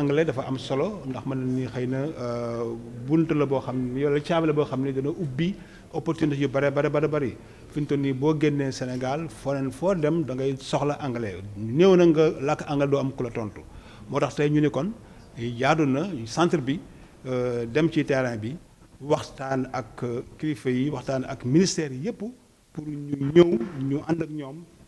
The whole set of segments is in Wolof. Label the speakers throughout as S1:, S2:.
S1: anglais dafa am solo ndax mën na ni xëy na euh, bunt la boo xam ne wala caabi la boo xam ne dana ubbi opportunité yu bare bare bare bëri fi mu toll nii boo génnee Sénégal foo leen foo dem da ngay soxla anglais néew na nga làkk anglais doo am ku la tontu moo tax tey ñu ne kon jaadu na centre bi euh, dem ci terrain bi waxtaan ak kilifa yi waxtaan ak ministère yëpp pour ñu ñëw ñu ànd ak ñoom.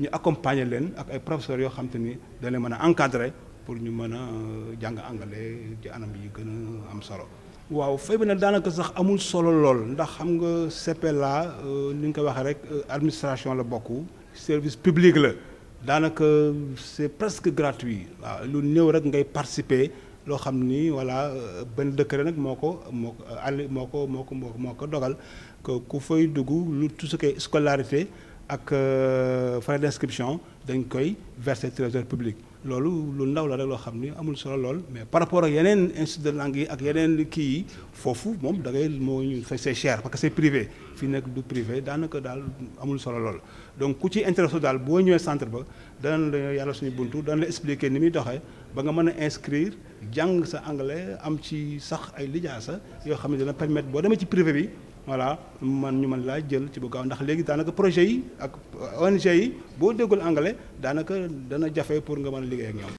S1: ñu accompagner leen ak ay professeurs yoo xam te ni da leen mën a encadrer pour ñu mën a euh, jàng anglais ci anam yi gën a am solo. waaw fay bi nag daanaka sax amul solo lool ndax xam nga CPLA euh, ni nga ko waxee rek euh, administration la bokk service public la daanaka c'est presque gratuit waaw lu néew rek ngay participer. loo xam ni voilà benn décret nag moo ko moo ko àll moo ko moo ko moo ko dogal que ku fay dugg lu tout ce qui est scolarité ak euh, frais d'inscription dañ koy verser trésor public loolu lu ndaw la rek loo xam ni amul solo lool mais par rapport ak yeneen institut de langue yi ak yeneen kii yi foofu moom da ngay moo ñu c'est cher parce que c'est privé fii nekk du privé daanaka daal amul solo lool. donc ku ci intéressé daal boo ñëwee centre ba dañ la yàlla suñu buntu dañ la expliquer ni muy doxee ba nga mën a inscrire jàng sa anglais am ci sax ay lijaasa yoo xam ne dana permettre boo demee ci privé bi. voilà man ñu man laa jël ci bu gaaw ndax léegi daanaka projet yi ak ONG yi boo déggul anglais daanaka dana jafe pour nga mën a liggéey ak ñoom